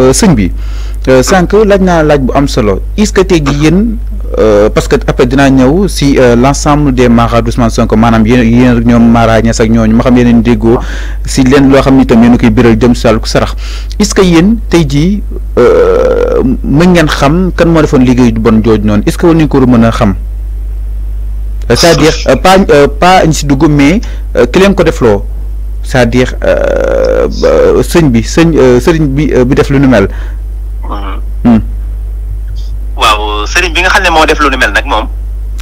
Euh, sëñ bi euh, sànq laaj naa laaj bu am solo est-ce que tey jii yéen euh, parce que après dinaa ñëw si l'ensemble des mara d'Ousmane Sonko maanaam yéen yéen ak ñoom Mara Niass ak ñooñu ma xam yeneen déggoo si leen loo xam ni itam yéen koy biral jëm si wàllu sarax est-ce que yéen tey jii mën ngeen xam kan moo defoon liggéey bu bon jooju noonu est-ce que war nañu ko mën a xam cest à paa pas pas si dugg mais ki leen ko defloo. c'est-à-dire euh, sëñ bi sëñ euh, sëriñ bi euh, bi def lu nu mel. Hmm. waaw sëriñ bi nga xam ne moo def lu nu mel nag moom.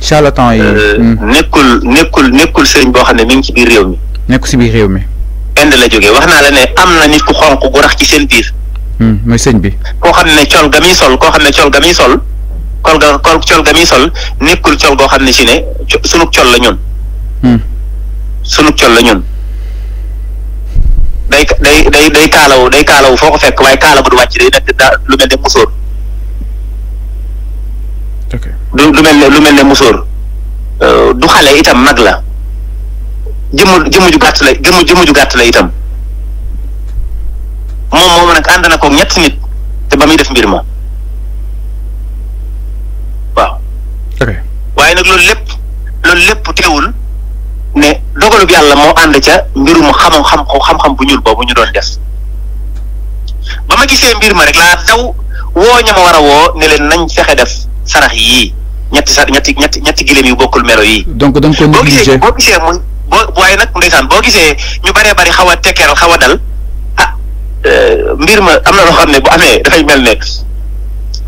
charlatan yi. Hmm. nekkul nekkul nekkul sëriñ boo xam ne mi ngi ci biir réew mi. nekkul ci biir réew mi. Inde la jógee wax naa la ne am na nit ku xonq gu rax ci seen biir. Hmm, mooy sëñ bi. koo xam ne col ga muy sol koo xam ne col ga muy sol. col ga col ga muy sol nekkul col goo xam ne si ne sunu col la ñun. sunu col la ñun. day day kaalaw day kaalaw foo ko fekk waaye kaala bu du wàcc day nekk daa lu mel ne musóor du lu mel ne lu mel ne musóor euh, du xale itam mag la jëmm jëmm ju gàtt la jëmm jëmm ju gàtt la itam moom moom nag ànd na ko ñett nit te ba muy def mbir ma waaw waaye nag loolu lépp loolu lépp teewul dogaluk yalla mo and ca mbirum xam-xam xam-xam bu ñuul bobu ñu doon def bama gisee mbir ma rek la taw wo ñama wara wo ne len nañ fexé def sarax yi ñetti sa ñetti ñetti ñetti gilem yu bokul mero yi. donc donc ko gisee bo way nak bo gisee ñu bari bari xawa tekkel xawa dal ah euh, mbir ma amna lo xamne bu amee mel ne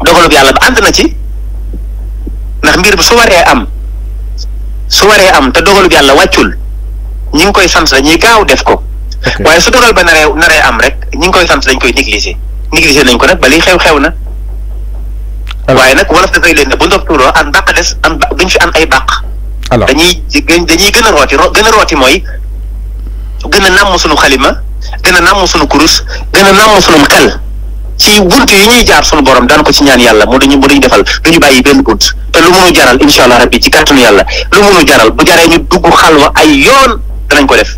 dogaluk yalla ba and na ci ndax mbir bu su waré am su waré am te dogaluk yalla waccul ñu ngi koy sant ñuy gaaw def ko. waaye su dogal ba naree naree am rek ñu ngi koy sant dañ koy négliger négliger nañ ko nag ba liy xew xew na. waaye nag wolof dafay leen ne bu ndox tuuroo an bàq des am ba duñ fi am ay bàq. alors dañuy dañuy gën a rooti ro gën a rooti mooy gën a nàmm suñu xalima gën a nàmm suñu kurus gëna a nàmm suñu xel ci bunt yi ñuy jaar suñu borom daan ko ci ñaan yàlla mu duñu defal duñu bàyyi benn bunt te lu munu jaral incha allah bi ci kàttanu yàlla lu munu jaral bu jaree ñu dugg xalwa ay yoon. danañ ko def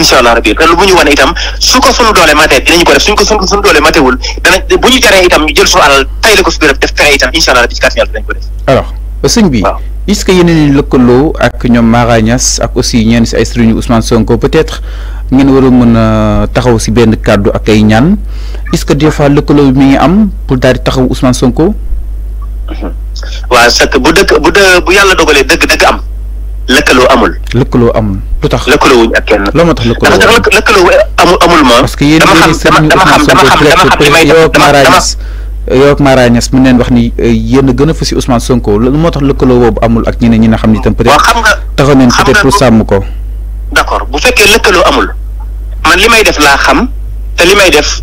insha allah rabbi lu bu ñu wane itam su ko sunu doole matee dinañ ko def suñ ko sunu sunu doole matewul danañ bu ñu jaree itam ñu jël sunu alal tayle ko su def def itam insha allah rabbi ci kàttan yàlla dinañ ko def alors sëñ bi est ce que yeneen lëkkaloo ak ñoom Mara Niass ak aussi ñenn si ay sëriñu Ousmane Sonko peut être ngeen war a taxaw si benn kàddu ak ay ñaan est ce que des fois lëkkaloo mi ngi am pour daal taxaw Ousmane Sonko. bu bu bu am. lëkkaloo amul. lëkkaloo amul lu tax. lëkkaloo wuñ ak kenn. loo ma tax lëkkaloo amul ndax lëkkaloo amul amul ma. parce que yéen ñi sëriñ Ousmane Sonko yow ak Mara Niass mu neen wax ni euh, yéen a gën a fës si Ousmane Sonko lu moo tax lëkkaloo boobu amul ak ñeneen ñi nga xam ni tam peut-être. xam nga taxaw neen peut-être pour sàmm ko. d'accord bu fekkee lëkkaloo amul man li may def laa xam te li may def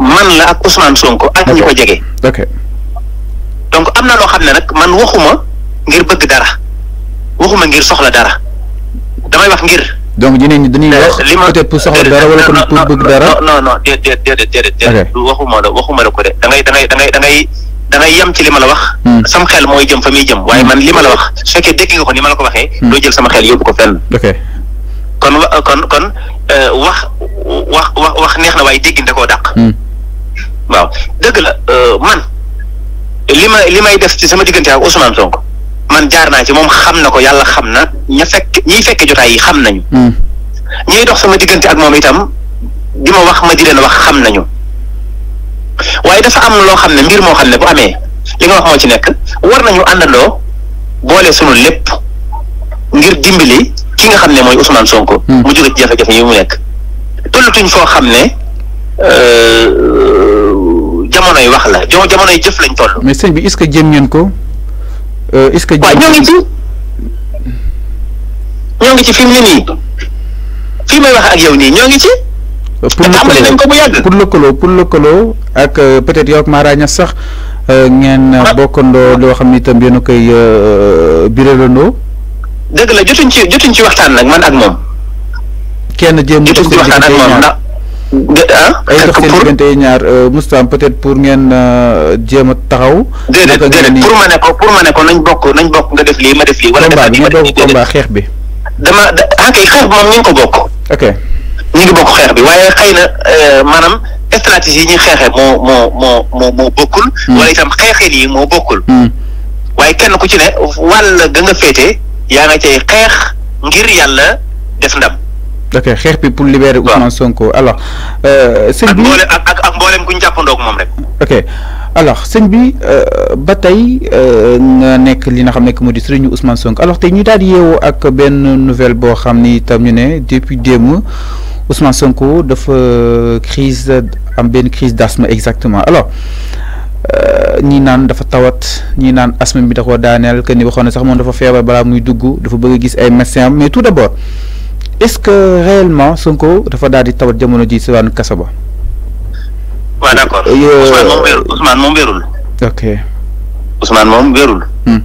man la ak Ousmane Sonko ak ñi ko jege. donc am na loo xam ne nag man waxuma ngir bëgg dara waxuma ngir soxla dara damay wax ngir. donc ñeneen ñi dañuy wax peut-être pour soxla dara wala comme pour dara. non non non déedéet déedéet déedéet. waxuma la waxuma la ko de dangay ngay da ngay da yem ci li ma la wax. Hmm. sam xel mooy jëm fa muy jëm waaye hmm. man li ma la wax su fekkee dégg nga ko ni ma la ko waxee. Hmm. doo jël sama xel yóbbu ko fenn. ok kon wa kon kon euh, wax wax wax wax neex na waaye dégg da koo dàq. waaw dëgg la euh, man li ma li may def ci sama diggante ak Ousmane Sonko. man jaar naa ci moom xam na ko yàlla xam na ña fekk ñiy fekke jotaay yi xam nañu. Hmm. ñiy dox sama diggante ak moom itam di ma wax ma di leen wax xam nañu waaye dafa am loo xam ne mbir moo xam ne bu amee li nga wax moo ci nekk war nañu àndandoo boole sunu lépp ngir dimbali ki nga xam ne mooy Ousmane Sonko. Hmm. mu jóge ci jafe-jafe yi mu nekk. tollatuñ foo xam ne euh, jamonoy wax la jamonoy jëf lañ toll. mais sëñ bi est-ce que jéem ngeen ko. est-ce que. waaw ñoo ngi ci ñoo ngi ci fi mu ne nii fii may wax ak yow nii ñoo ngi ci. pour tàmbali nañ ko bu yàgg. pour lëkkaloo pour lëkkaloo ak peut-être yow ak sax ngeen bokkandoo loo xam ni itam koy birelandoo. dëgg la jotuñ ci jotuñ ci waxtaan nag man ak moom. kenn jéem jotuñ ci waxtaan ak moom ndax. ah. ay dox seen diggante ñaar euh, Moustapha peut-être pour ngeen euh, jéem a taxaw. déedéet déedéet pour ma ne ko pour ma ne ko nañ bokk nañ bokk nga def lii ma def lii. wala dafa lii ma def lii combat xeex bi. dama ah kay xeex bi moom ñu ngi ko ñu ngi bokk xeex bi waaye xëy na euh, maanaam stratégie yi ñuy xeexee moo moo moo moo bokkul. Hmm. wala itam xeexeel yi moo bokkul. Hmm. waaye kenn ku ci ne wàll ga nga féete yaa nga cay xeex ngir yàlla def ndam. ok xeex bi pour libérer Ousmane Sonko alors. Euh, sëñ bi ak ak ak ku ñu jàppandoog moom alors sëñ bi euh, ba tey euh, nga nekk li nga xam ne moo di sëriñu Ousmane Sonko alors te ñu daal di ak benn nouvelle boo xam ni itam ñu ne depuis démb Ousmane Sonko dafa crise am benn crise d'asthme exactement alors. ñii naan dafa tawat ñii naan asthme bi da koo daaneel que ni waxoon ne sax moom dafa feebar balaa muy dugg dafa bëgg a gis ay médecin mais tout de d'abord est-ce que réellement Sonko dafa daal di tawat jamono ji si wàllu kaso ba. waaw d'accord euh, Ousmane moom wéerul Ousmane moom wéerul. ok Ousmane moom wéerul. Hmm.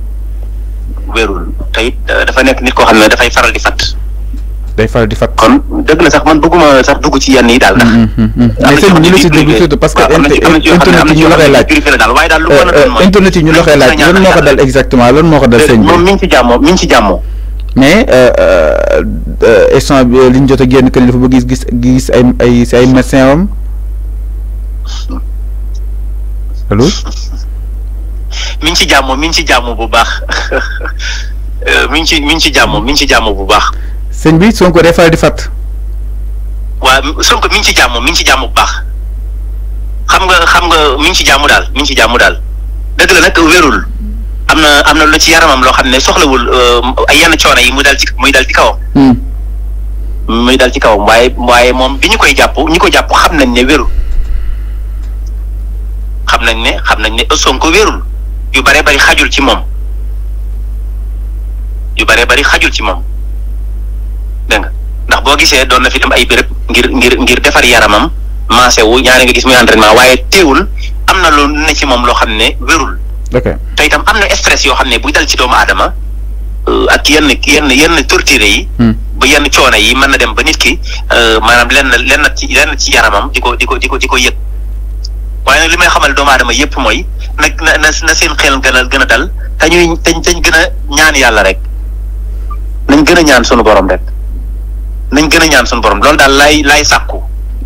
wéerul tey euh, dafa nekk nit koo xam ne dafay faral di fat day faral di fat kon dëgg la sax man bëgguma sax dugg ci yenn yi daal ndax. Hmm, hmm, mais seen ñu la si dugg surtout parce que. Euh, internet yi ñu la laaj internet yi ñu la laaj lan moo ko dal exactement lan moo ko dal seen moom mi ngi ci jàmmoo mi ngi ci jàmmoo. mais euh, euh, euh, instant bi li ñu jot a génn que ni dafa gis gis gis ay ay si ay médecin am allo. mi ngi ci jàmm mi ngi ci jàmm bu baax mi ngi ci mi ngi ci jàmm mi ngi ci jàmm bu baax. sëñ bi Sonko day faral di fàtt. waaw Sonko mi ngi ci jàmm mi ngi ci jàmm bu baax xam nga xam nga mu ngi ci jàmm daal mi ngi ci jàmm daal dëgg la nag wérul. amna amna lu ci yaramam lo xamne soxlawul euh, ay yenn choona yi mu dal ci muy dal ci kawam. Hmm. muy dal ci kaw waaye waaye mom biñu koy japp ñi ko japp xam nañ ne xam ne xam nañ ne ko wërul yu bare bari xajul ci mom yu bare bari xajul ci mom deng nga ndax bo gisee doon na fi dem ay béréb ngir ngir ngir defar yaramam maase wu ñaari nga gis muy entraînement waye téwul amna lu ne ci mom lo xamne wërul te itam am na stress yoo xam ne buy dal ci doomu aadama euh, ak yenn yenn yenn torture yi. Hmm. ba yenn coono yi mën na dem ba nit ki euh, maanaam lenn lenn ci lenn ci yaramam di ko di ko di ko di ko yëg waaye li may xamal doomu adama yëpp mooy nag na na seen xel gën a gën a dal te ñuy dañ dañ gën a ñaan yàlla rek nañ gën a ñaan sunu borom rek nañ gën a ñaan sunu borom loolu daal laay laay sàkku.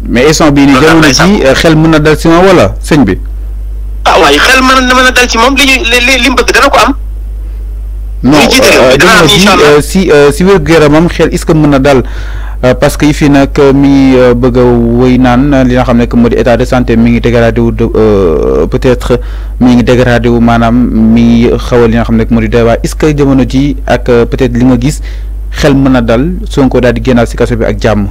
mais instant bii nii jamono ji euh, xel mën na dal si ma wala sëñ bi. ah waaye xel mën na man a dal ci moom li ñu li mu bëgg dana ko am. muy jiite la euh, si euh, euh, si wér-gu-yaramam xel est mën na dal. parce que fii nag mi bëgg a wëy naan li nga xam ne que moo di état de santé mi ngi dégradé wu peut-être mi ngi dégradé wu maanaam mi ngi xawal li na xam ne que moo di doy waar est-ce que jamono ji ak peut-être li nga gis xel mën a dal Sonko daal di génnaal si kaso bi ak jàmm.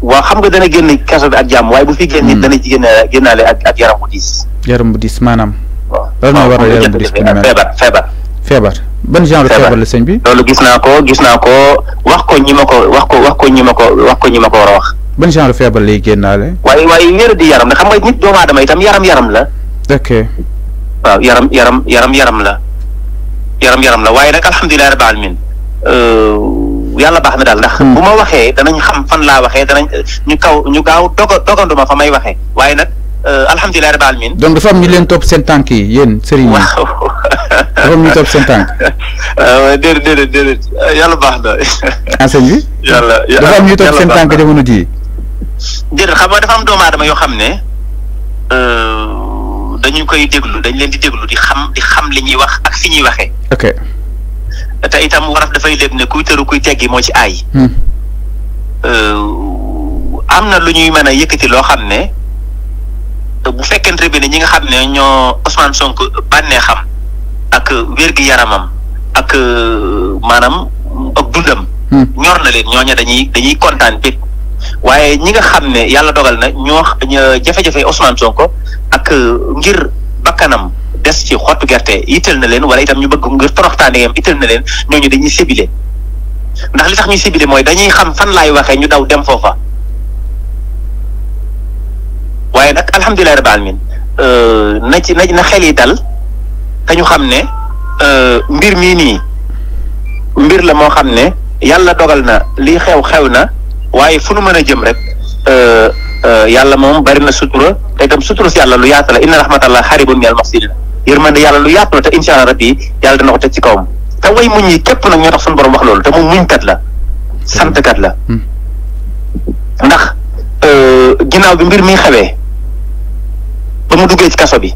waaw xam nga dana génn kaso bi ak jàmm waaye bu fi génn hmm. dana ci génn génnaale ak ak yaram bu diis. yaram bu diis maanaam. waaw loolu moo waral yaram bu diis feebar feebar. feebar ban genre feebar la sëñ bi. loolu gis naa ko gis naa ko wax ko ñi ma ko wax ko wax ko ñi ma ko wax ko ñi ma ko war a wax. ban genre feebar lay génnaale. waaye waaye wér di yaram la xam nga nit doomu aadama itam yaram yaram la. ok. waaw yaram yaram yaram yaram la. yaram yaram la waaye nag alhamdulilah rabbil alamin yàlla baax na daal ndax hmm. bu ma waxee danañ xam fan laa waxee danañ ñu kaw ñu gaaw doga doganduma fa may waxe waaye nag euh, alhamdulilah rabbil alamin donc dafa am ñu leen topp seen tànk yi yéen sëriñ waaw dafa am ñu topp seen tànk euh, déedéet déedéet déedéet yàlla baax na enseigne ah, bi yàlla dafa am ñu topp seen tànk ji déedéet xam nga dafa am doomu aadama yoo xam ne euh, dañu koy déglu dañ leen di déglu di xam di xam li ñuy wax ak fi ñuy waxee te itam waraf dafay léeb ne kuy tëru kuy teggi moo ci ay hmm. euh, am na lu ñuy mën a yëkkati loo xam ne bu fekkente bi ne ñi nga xam ne ñoo Ousmane Sonko bànnee xam ak wér-gi-yaramam ak euh, maanaam ak dundam hmm. ñor na leen ñooña dañuy dañuy kontaan bépp waaye ñi nga xam ne yàlla dogal na ñoo jafe-jafe Ousmane Sonko ak euh, ngir bakkanam des ci xottu gerte yitteel na leen wala itam ñu bëgg ngir toroxtaane yam yitteel na leen ñooñu dañuy sébile ndax li tax ñuy sébile mooy dañuy xam fan laay waxee ñu daw dem foofa waaye nag alhamdulilah rabbil alamin euh, na ci na xel yi dal te ñu xam ne euh, mbir mii nii mbir la moo xam ne yàlla dogal na lii xew xew na waaye fu nu mën a jëm rek euh, yàlla moom bari na sutura te itam sutura si yàlla lu yaata la inna rahmatallah xaribun minal muhsinin yërmande yàlla lu yaatu la te incha allah rabbi yàlla dana ko teg ci kawam te way muñ yi képp nag ñoo tax suñu borom wax loolu te mu muñkat la santkat la hmm. ndax euh, ginnaaw bi mbir mi xewee ba mu duggee ci kaso bi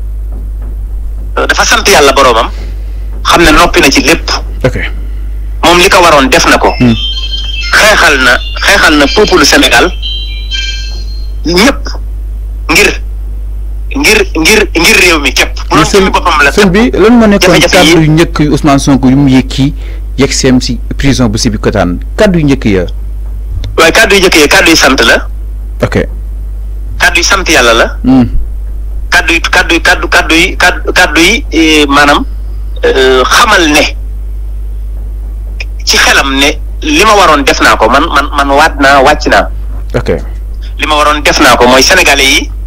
euh, dafa sant yàlla boroomam xam ne noppi na ci lépp moom li ko waroon def na ko hmm. xeexal na xeexal na peuple Sénégal ñépp ngir ngir ngir réew mi képp. bu doon bi lan moo nekkoon kàddu yu njëkk yu Ousmane Sonko yu mu yëkki yegg seem si prison bu Sébikotane kàddu yu njëkk ya. waaye kàddu yu njëkk ya kàddu yu sant la. ok kàddu yu sant yàlla la. Hmm. kàddu yu kàddu yu kàddu kàddu yi kàddu yi eh, maanaam euh, xamal ne ci xelam ne li ma waroon def naa ko man man man waat naa wàcc naa. ok li ma waroon def naa ko mooy sénégalais yi.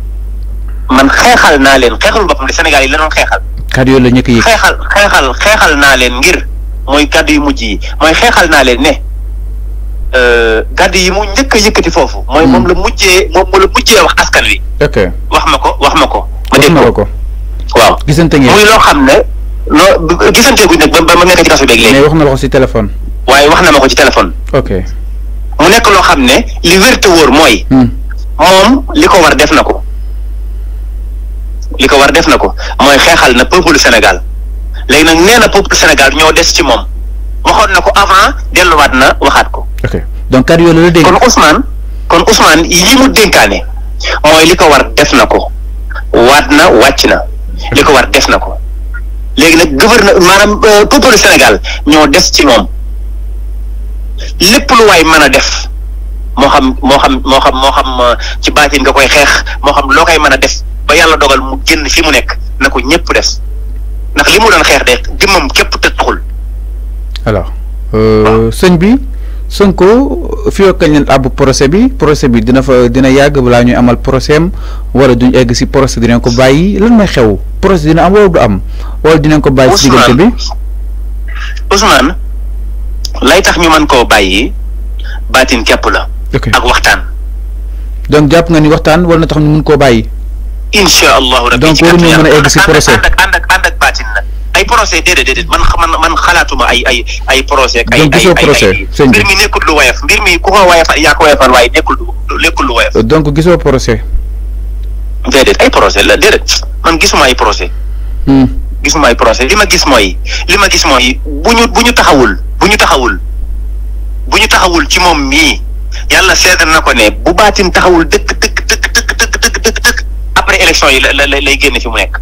man xeexal naa leen xeexalul boppam de Sénégal yi la xeexal. kàddu yooyu la ñëkk yi xeexal xeexal xeexal naa leen ngir mooy kàddu yu mujj yi mooy xeexal naa leen ne euh, kàddu yi mu njëkk a yëkkati foofu. mooy moom hmm. la mujjee moom la mujjee wax askan wi. ok wax ma ko wax ma ko. ma dem na ko waaw gisante ngeen loo xam ne. loo gisante guñ nag ba ba ma nekk ci kaso beeg léegi. mais wax na la ko ci téléphone. waaye wax na ma ko ci téléphone. ok mu nekk loo xam ne li wér te wóor mooy. Hmm. moom li ko war def na ko. li ko war def na ko mooy xeexal na peuple Sénégal léegi nag nee na peuple Sénégal ñoo des ci moom waxoon na ko avant delluwaat na waxaat ko. donc kàddu yooyu la dégg. kon Ousmane kon Ousmane yi mooy li ko war def na ko waat na wàcc na li ko war def na ko léegi nag gouverneur maanaam euh, peuple Sénégal ñoo des ci moom lépp lu waay mën a def moo xam moo xam moo xam moo xam euh, ci baatin nga koy xeex moo xam loo koy mën a def. ba yalla dogal mu génn fi mu nek nako ñepp ñëpp nak limu li xex doon Abu de jëmmam euh, bi Sonko fi kañ procès bi procès bi dina fa dina yàgg balaa ñuy amal procès am wala duñ egg si procès dina ko bayyi lan may xew procès dina am wala du am wala dina ko bayyi ci diggante bi Ousmane lay tax ñu man ko bayyi baatin kep la. ak waxtaan. donc japp nga ni waxtaan wala tax ñu mën ko bayyi incha allahu rabbi donc waruñu mën a egg si procès ànd ak ànd ak ànd ak baatin la ay procès déedéet déedéet man man man xalaatuma ay ay ay procès ay ay ay mbir mi nekkul lu woyof mbir mi ku ko woyofal yaa ko woyofal waaye nekkul lu nekkul lu woyof donc gisoo procès déedéet ay procès la déedéet man gisuma ay procès gisuma ay procès li ma gis mooy li ma gis mooy bu ñu bu ñu taxawul bu ñu taxawul bu ñu taxawul ci moom mii yàlla seetal na ko ne bu baatin taxawul dëkk dëkk dëkk dëkk dëkk dëkk dëkk élection yi la lay génn fi mu nekk.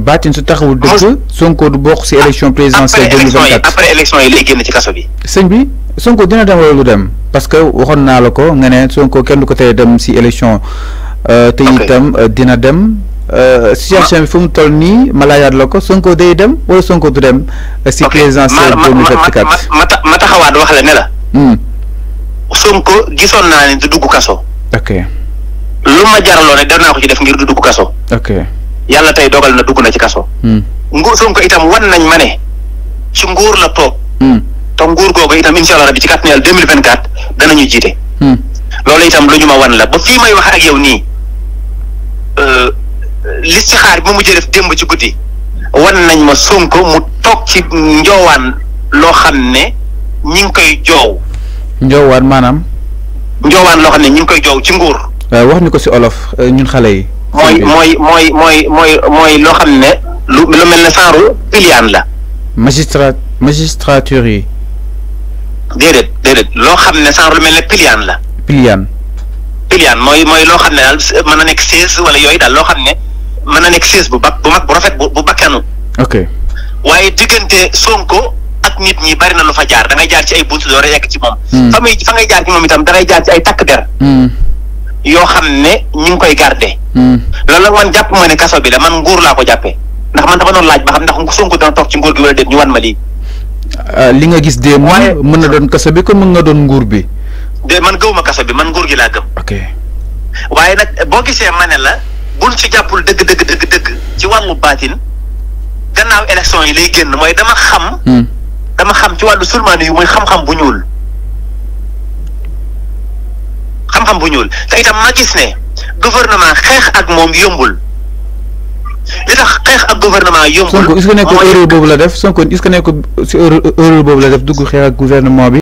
Batin su taxawul dëgg. Sonko du bokk si élection présidentielle 2024 après élection yi lay génn ci kaso bi. sëñ bi Sonko dina dem wala du dem parce que waxoon naa la ko nga ne Sonko kenn du ko tey dem si élection. Euh, te itam euh, dina dem. Euh, situation bi fu mu toll nii ma la ko Sonko day dem wala Sonko du dem. si présidentielle 2024 ma ma taxawaat wax la ne la. Hmm. Sonko gisoon naa ne du dugg kaso. ok. lu ma jaraloo ne danaa ko ci def ngir du dugg kaso. ok yàlla tey dogal na dugg na ci kaso. Hmm. nguur ko itam wan nañ ma ne ci nguur la toog. Hmm. te nguur googu itam incha allah rabi ci kàttanu yàlla deux mille vingt quatre danañu jiite. Hmm. loolu itam lu ñu ma wan la ba fi may wax ak yow nii euh, listixaar bi mu mujjee def démb ci guddi wan nañ ma Sonko mu toog ci njoowaan loo xam ne ñi ngi koy joow. njoowaan maanaam. njoowaan loo xam ne ñi ngi koy joow ci nguur. wax ñu ko ci olof ñun xale yi. moy moy moy moy moy moy lo xamne lu lu mel ne saaru piliyaan la. magistrat magistrature yi. déedéet déedéet loo xam ne saaru lu mel pilian la. pilian pilian moy moy lo xamne dal daal mën na nekk siis wala yoy dal lo xamne ne mën na nekk siis bu bak bu mak bu rafet bu bakkanu. ok waye diggante Sonko ak nit ñi bari na lu fa jaar da ngay jaar ci ay buntu do rek ci mom fa muy fa ngay jaar ci mom itam da ngay jaar ci ay tak der. yoo xam ne ñu ngi koy garder. Hmm. loolu la man jàpp ma ne kaso bi la man nguur laa ko jàppee ndax man dafa doon laaj ba xam ndax Sonko dana toog ci nguur gi wala déet ñu wan ma lii. Euh, li nga gis dee. waaye mën na doon kaso bi ko mën nga doon nguur bi. de man gëwuma kaso bi man nguur gi laa gëm. ok waaye nag boo gisee ma ne la buñ ci jàppul dëgg dëgg dëgg dëgg ci wàllu baatin gannaaw élection yi lay génn mooy dama xam. Hmm. dama xam ci wàllu sulmaan yi muy xam-xam bu ñuul. xam bu ñuul te itam ma gis ne gouvernement xeex ak moom yombul li tax xeex ak gouvernement yombul. Sonko est-ce que nekkul erreur boobu la def Sonko est-ce que nekkul erreur boobu la def dugg xeex ak gouvernement bi.